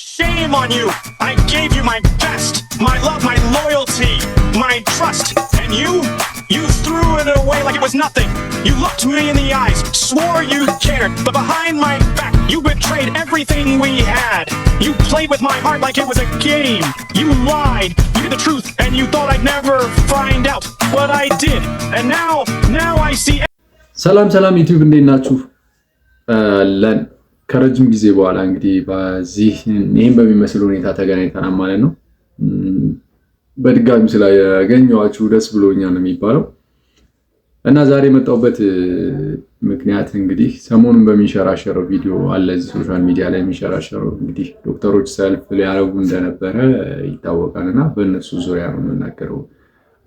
Shame on you! I gave you my best, my love, my loyalty, my trust, and you? You threw it away like it was nothing. You looked me in the eyes, swore you cared, but behind my back, you betrayed everything we had. You played with my heart like it was a game. You lied, you knew the truth, and you thought I'd never find out, what I did. And now, now I see. salam, ሰላም ዩቲዩብ እንዴት ናችሁ? ለን ከረጅም ጊዜ በኋላ እንግዲህ በዚህ ይህም በሚመስል ሁኔታ ተገናኝተናል ማለት ነው። በድጋሚ ስላገኘኋችሁ ደስ ብሎኛል ነው የሚባለው እና ዛሬ የመጣሁበት ምክንያት እንግዲህ ሰሞኑን በሚንሸራሸረው ቪዲዮ አለ እዚህ ሶሻል ሚዲያ ላይ የሚንሸራሸረው እንግዲህ ዶክተሮች ሰልፍ ሊያረጉ እንደነበረ ይታወቃል እና በእነሱ ዙሪያ ነው የምናገረው።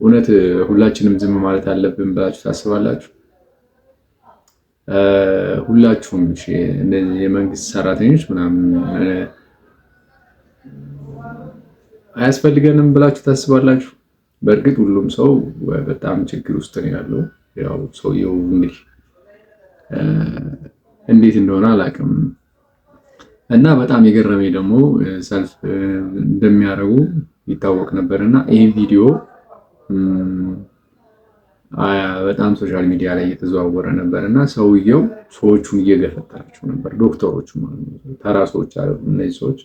እውነት ሁላችንም ዝም ማለት አለብን ብላችሁ ታስባላችሁ? ሁላችሁም የመንግስት ሰራተኞች ምናምን አያስፈልገንም ብላችሁ ታስባላችሁ? በእርግጥ ሁሉም ሰው በጣም ችግር ውስጥ ነው ያለው። ያው ሰውየው እንግዲህ እንዴት እንደሆነ አላውቅም። እና በጣም የገረመኝ ደግሞ ሰልፍ እንደሚያደርጉ ይታወቅ ነበር እና ይህ ቪዲዮ በጣም ሶሻል ሚዲያ ላይ እየተዘዋወረ ነበር እና ሰውየው ሰዎቹን እየገፈተራቸው ነበር። ዶክተሮቹ ተራ ሰዎች አሉ። እነዚህ ሰዎች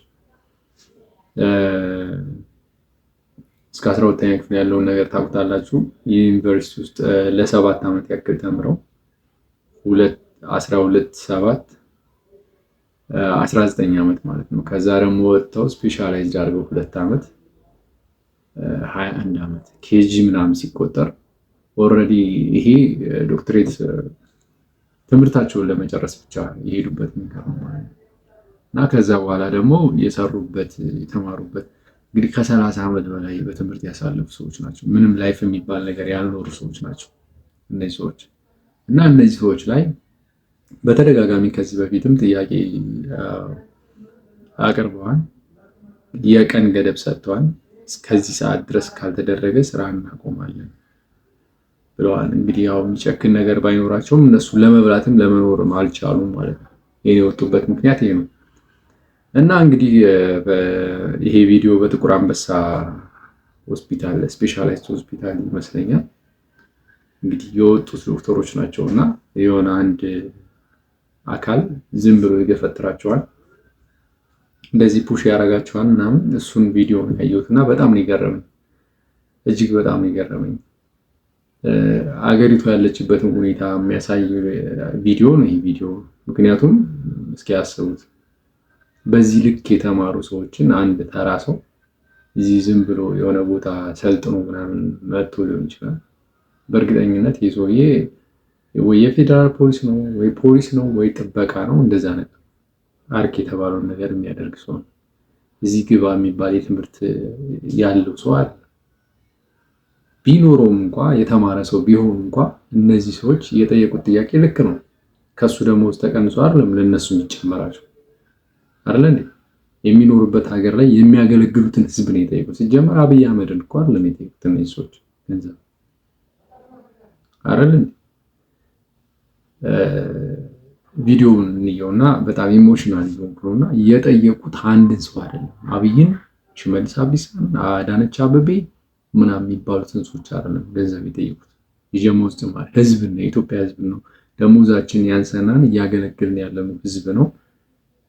እስከ አስራ ሁለተኛ ክፍል ያለውን ነገር ታውቁታላችሁ። ዩኒቨርሲቲ ውስጥ ለሰባት ዓመት ያክል ተምረው አስራ ሁለት ሰባት አስራ ዘጠኝ ዓመት ማለት ነው። ከዛ ደግሞ ወጥተው ስፔሻላይዝድ አድርገው ሁለት ዓመት ሀያ አንድ ዓመት ኬጂ ምናምን ሲቆጠር ኦልሬዲ ይሄ ዶክትሬት ትምህርታቸውን ለመጨረስ ብቻ የሄዱበት መንገድ እና ከዛ በኋላ ደግሞ የሰሩበት የተማሩበት እንግዲህ ከሰላሳ ዓመት በላይ በትምህርት ያሳለፉ ሰዎች ናቸው። ምንም ላይፍ የሚባል ነገር ያልኖሩ ሰዎች ናቸው እነዚህ ሰዎች እና እነዚህ ሰዎች ላይ በተደጋጋሚ ከዚህ በፊትም ጥያቄ አቅርበዋል። የቀን ገደብ ሰጥተዋል። እስከዚህ ሰዓት ድረስ ካልተደረገ ስራ እናቆማለን ብለዋል። እንግዲህ ያው የሚጨክን ነገር ባይኖራቸውም እነሱ ለመብላትም ለመኖርም አልቻሉም ማለት ነው። ይሄን የወጡበት ምክንያት ይሄ ነው እና እንግዲህ ይሄ ቪዲዮ በጥቁር አንበሳ ሆስፒታል ስፔሻላይዝድ ሆስፒታል ይመስለኛል እንግዲህ የወጡት ዶክተሮች ናቸው እና የሆነ አንድ አካል ዝም ብሎ ይገፈትራቸዋል፣ እንደዚህ ፑሽ ያደርጋቸዋል ምናምን። እሱን ቪዲዮ ያየሁት እና በጣም ነው የገረመኝ፣ እጅግ በጣም ነው የገረመኝ። አገሪቱ ያለችበትን ሁኔታ የሚያሳይ ቪዲዮ ነው ይህ ቪዲዮ። ምክንያቱም እስኪ ያስቡት በዚህ ልክ የተማሩ ሰዎችን አንድ ተራ ሰው እዚህ ዝም ብሎ የሆነ ቦታ ሰልጥኖ ምናምን መጥቶ ሊሆን ይችላል። በእርግጠኝነት ይህ ሰውዬ ወይ የፌዴራል ፖሊስ ነው ወይ ፖሊስ ነው ወይ ጥበቃ ነው፣ እንደዛ ነገር አርክ የተባለውን ነገር የሚያደርግ ሰው ነው። እዚህ ግባ የሚባል የትምህርት ያለው ሰው አለ። ቢኖረውም እንኳ የተማረ ሰው ቢሆን እንኳ እነዚህ ሰዎች የጠየቁት ጥያቄ ልክ ነው። ከሱ ደሞዝ ተቀንሶ አይደለም ለእነሱ የሚጨመራቸው አይደለ እንዴ? የሚኖሩበት ሀገር ላይ የሚያገለግሉትን ህዝብ ነው የጠየቁት። ሲጀመር አብይ አህመድን እኮ አይደለም የጠየቁት እነዚህ ሰዎች ገንዘብ አይደል እንዴ? ቪዲዮውን እንየውና በጣም ኢሞሽናል ይሆንኩና የጠየቁት አንድን ሰው አይደለም አብይን፣ ሽመልስ አብዲሳን፣ አዳነች አበቤ ምናምን የሚባሉት ጽንሶች አይደለም ገንዘብ የጠየቁት ውስጥ ማለት ህዝብ ነው፣ የኢትዮጵያ ህዝብ ነው። ደሞዛችን ያንሰናን እያገለግልን ያለን ህዝብ ነው።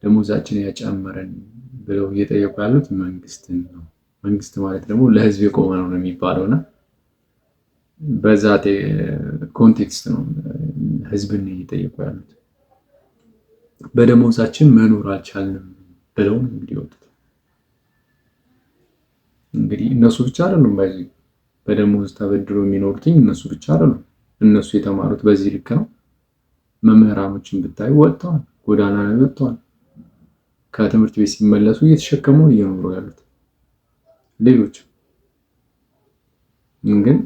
ደሞዛችን ያጨመረን ብለው እየጠየቁ ያሉት መንግስትን ነው። መንግስት ማለት ደግሞ ለህዝብ የቆመ ነው ነው የሚባለው እና በዛ ኮንቴክስት ነው ህዝብን እየጠየቁ ያሉት። በደሞዛችን መኖር አልቻልንም ብለው እንግዲህ ወጡት። እንግዲህ እነሱ ብቻ አይደሉም ባይዘ በደሞዝ ተበድሮ የሚኖሩትኝ እነሱ ብቻ አይደሉም። እነሱ የተማሩት በዚህ ልክ ነው። መምህራኖችን ብታዩ ወጥተዋል፣ ጎዳና ላይ ወጥተዋል። ከትምህርት ቤት ሲመለሱ እየተሸከሙ እየኖሩ ያሉት ሌሎች ግን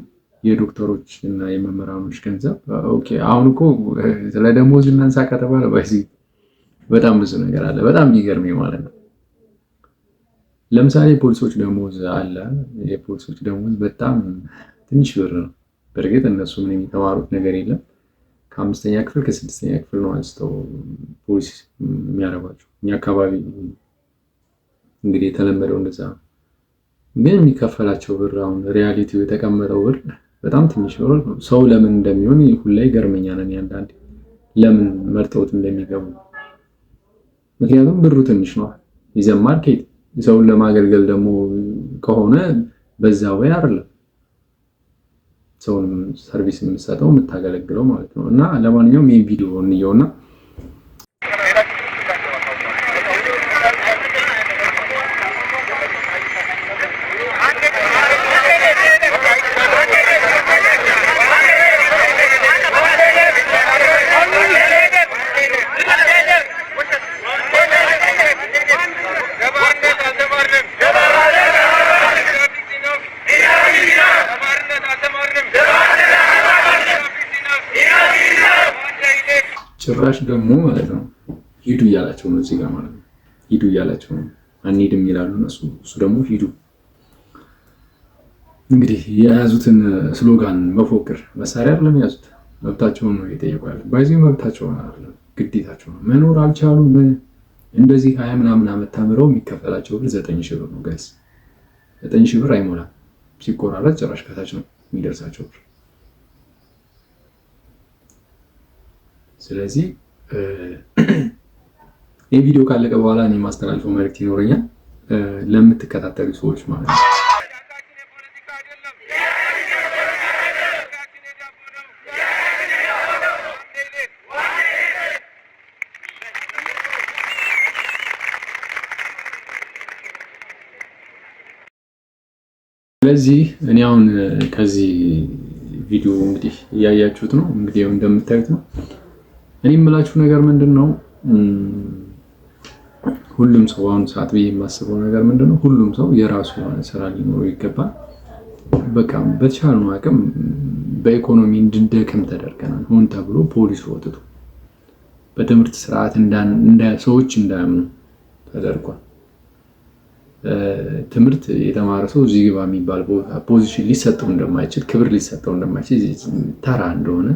የዶክተሮች እና የመምህራኖች ገንዘብ ኦኬ። አሁን እኮ ስለ ደሞዝ እናንሳ ከተባለ በጣም ብዙ ነገር አለ። በጣም ይገርመኝ ማለት ነው። ለምሳሌ የፖሊሶች ደሞዝ አለ። የፖሊሶች ደሞዝ በጣም ትንሽ ብር ነው። በእርግጥ እነሱ ምን የሚተማሩት ነገር የለም። ከአምስተኛ ክፍል ከስድስተኛ ክፍል ነው አንስተው ፖሊስ የሚያረባቸው። እኛ አካባቢ እንግዲህ የተለመደው እንደዛ ነው። ግን የሚከፈላቸው ብር አሁን ሪያሊቲው የተቀመጠው ብር በጣም ትንሽ ብር ነው። ሰው ለምን እንደሚሆን ሁላ ገርመኛ ነን። አንዳንዴ ለምን መርጠውት እንደሚገቡ ምክንያቱም ብሩ ትንሽ ነው። ይዘን ማርኬት ሰውን ለማገልገል ደግሞ ከሆነ በዛ ወይ አይደለም ሰውን ሰርቪስ የምትሰጠው የምታገለግለው ማለት ነው። እና ለማንኛውም ይህ ቪዲዮ እንየውና ጭራሽ ደግሞ ማለት ነው ሂዱ እያላቸው ነው እዚህ ጋር ማለት ነው። ሂዱ እያላቸው ነው። አንሄድም ይላሉ እነሱ፣ እሱ ደግሞ ሂዱ። እንግዲህ የያዙትን ስሎጋን መፎክር መሳሪያ አይደለም የያዙት፣ መብታቸውን ነው እየጠየቁ ያለ ባይዚ መብታቸውን አይደለም ግዴታቸው ነው። መኖር አልቻሉ እንደዚህ ሀያ ምናምን ዓመት ተምረው የሚከፈላቸው ብር ዘጠኝ ሺህ ብር ነው ጋይስ። ዘጠኝ ሺህ ብር አይሞላም ሲቆራረጥ ጭራሽ ከታች ነው የሚደርሳቸው ብር ስለዚህ ይህ ቪዲዮ ካለቀ በኋላ እኔ የማስተላልፈው መልዕክት ይኖረኛል ለምትከታተሉ ሰዎች ማለት ነው። ስለዚህ እኔ አሁን ከዚህ ቪዲዮ እንግዲህ እያያችሁት ነው እንግዲህ እንደምታዩት ነው። እኔ የምላችሁ ነገር ምንድን ነው ሁሉም ሰው አሁን ሰዓት ብዬ የማስበው ነገር ምንድን ነው ሁሉም ሰው የራሱ የሆነ ስራ ሊኖረው ይገባል። በቃ በተቻለ አቅም በኢኮኖሚ እንድንደክም ተደርገናል። ሆን ተብሎ ፖሊስ ወጥቶ በትምህርት ስርዓት ሰዎች እንዳያምኑ ተደርጓል። ትምህርት የተማረ ሰው እዚህ ግባ የሚባል ፖዚሽን ሊሰጠው እንደማይችል ክብር ሊሰጠው እንደማይችል ተራ እንደሆነ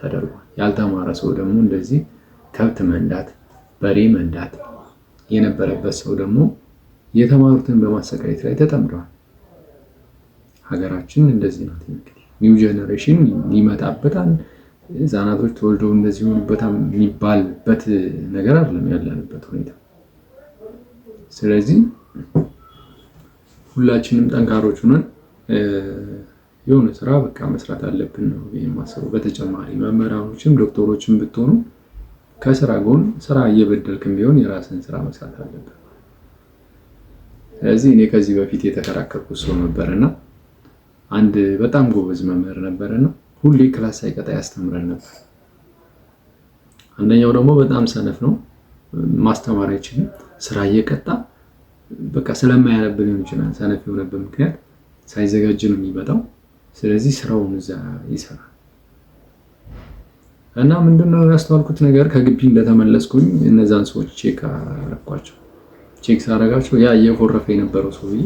ተደርጓል። ያልተማረ ሰው ደግሞ እንደዚህ ከብት መንዳት፣ በሬ መንዳት የነበረበት ሰው ደግሞ የተማሩትን በማሰቃየት ላይ ተጠምደዋል። ሀገራችን እንደዚህ ናት። እንግዲህ ኒው ጀኔሬሽን ይመጣበታል፣ ህፃናቶች ተወልደው እንደዚህ ሆኑበታል የሚባልበት ነገር አይደለም ያለንበት ሁኔታ። ስለዚህ ሁላችንም ጠንካሮች ሆነን የሆነ ስራ በቃ መስራት አለብን ነው የማስበው። በተጨማሪ መምህራኖችም ዶክተሮችም ብትሆኑ ከስራ ጎን ስራ እየበደልክም ቢሆን የራስን ስራ መስራት አለብን። ስለዚህ እኔ ከዚህ በፊት የተከራከርኩ ሰው ነበርና አንድ በጣም ጎበዝ መምህር ነበርና ሁሌ ክላስ ሳይቀጣ ያስተምረን ነበር። አንደኛው ደግሞ በጣም ሰነፍ ነው፣ ማስተማር አይችልም። ስራ እየቀጣ በቃ ስለማያነብ ሊሆን ይችላል ሰነፍ የሆነበት ምክንያት ሳይዘጋጅ ነው የሚመጣው። ስለዚህ ስራውን እዛ ይሰራል እና ምንድነው ያስተዋልኩት ነገር ከግቢ እንደተመለስኩኝ እነዛን ሰዎች ቼክ አረኳቸው። ቼክ ሳረጋቸው ያ እየኮረፈ የነበረው ሰውዬ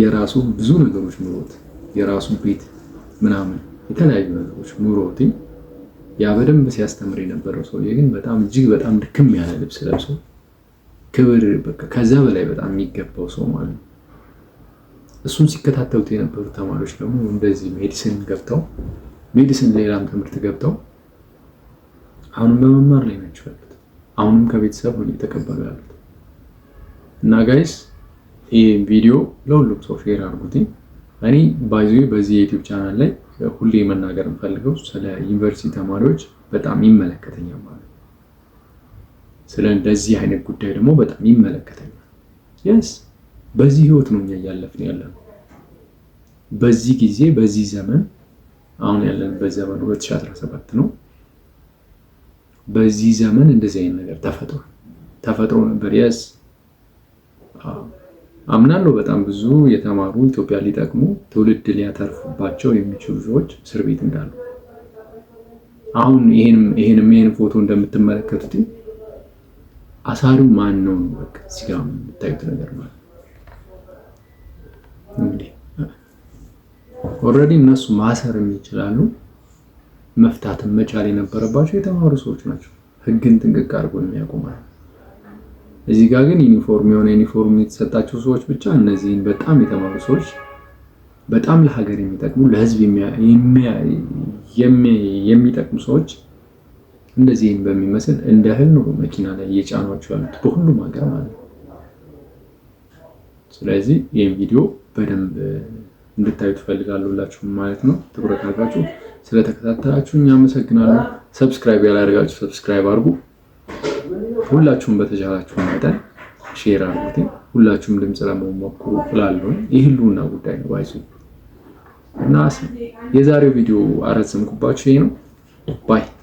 የራሱ ብዙ ነገሮች ኑሮት የራሱ ቤት ምናምን የተለያዩ ነገሮች ኑሮት ያ በደንብ ሲያስተምር የነበረው ሰውዬ ግን በጣም እጅግ በጣም ድክም ያለ ልብስ ለብሶ ክብር በቃ ከዛ በላይ በጣም የሚገባው ሰው ማለት ነው። እሱን ሲከታተሉት የነበሩ ተማሪዎች ደግሞ እንደዚህ ሜዲሲን ገብተው ሜዲሲን ሌላም ትምህርት ገብተው አሁንም በመማር ላይ ናቸው ያሉት። አሁንም ከቤተሰብ ነው የተቀበሉ ያሉት። እና ጋይስ ይህ ቪዲዮ ለሁሉም ሰው ሼር አድርጉት። እኔ ባዚ በዚህ የዩቲዩብ ቻናል ላይ ሁሌ መናገር የምፈልገው ስለ ዩኒቨርሲቲ ተማሪዎች በጣም ይመለከተኛል ማለት ስለ እንደዚህ አይነት ጉዳይ ደግሞ በጣም ይመለከተኛል የስ በዚህ ህይወት ነው እኛ እያለፍን ያለ ነው። በዚህ ጊዜ በዚህ ዘመን አሁን ያለንበት ዘመን 2017 ነው። በዚህ ዘመን እንደዚህ አይነት ነገር ተፈጥሮ ተፈጥሮ ነበር የስ አምናለሁ በጣም ብዙ የተማሩ ኢትዮጵያ ሊጠቅሙ ትውልድ ሊያተርፉባቸው የሚችሉ ሰዎች እስር ቤት እንዳሉ አሁን ይሄንም ይህን ፎቶ እንደምትመለከቱት አሳሪው ማን ነው? በቃ እዚህ የምታዩት ነገር ማለት እንግዲህ ኦልሬዲ እነሱ ማሰርም ይችላሉ መፍታትም መቻል የነበረባቸው የተማሩ ሰዎች ናቸው። ህግን ጥንቅቅ አድርጎ የሚያውቁ ማለት እዚህ ጋር ግን ዩኒፎርም የሆነ ዩኒፎርም የተሰጣቸው ሰዎች ብቻ እነዚህን በጣም የተማሩ ሰዎች በጣም ለሀገር የሚጠቅሙ ለህዝብ የሚጠቅሙ ሰዎች እንደዚህን በሚመስል እንደ እህል ነው መኪና ላይ እየጫኗቸው ያሉት በሁሉም ሀገር ማለት ነው። ስለዚህ ይህም ቪዲዮ በደንብ እንድታዩ ትፈልጋለሁላችሁ ማለት ነው። ትኩረት አድርጋችሁ ስለተከታተላችሁ እኛ አመሰግናለሁ። ሰብስክራይብ ያላደርጋችሁ ሰብስክራይብ አድርጉ። ሁላችሁም በተቻላችሁ መጠን ሼር አድርጉት። ሁላችሁም ድምፅ ለመሞክሩ እላለሁ። ይህ ህልውና ጉዳይ ነው ባይዙ እና የዛሬው ቪዲዮ አረዘምኩባችሁ ይሄ ነው ባይ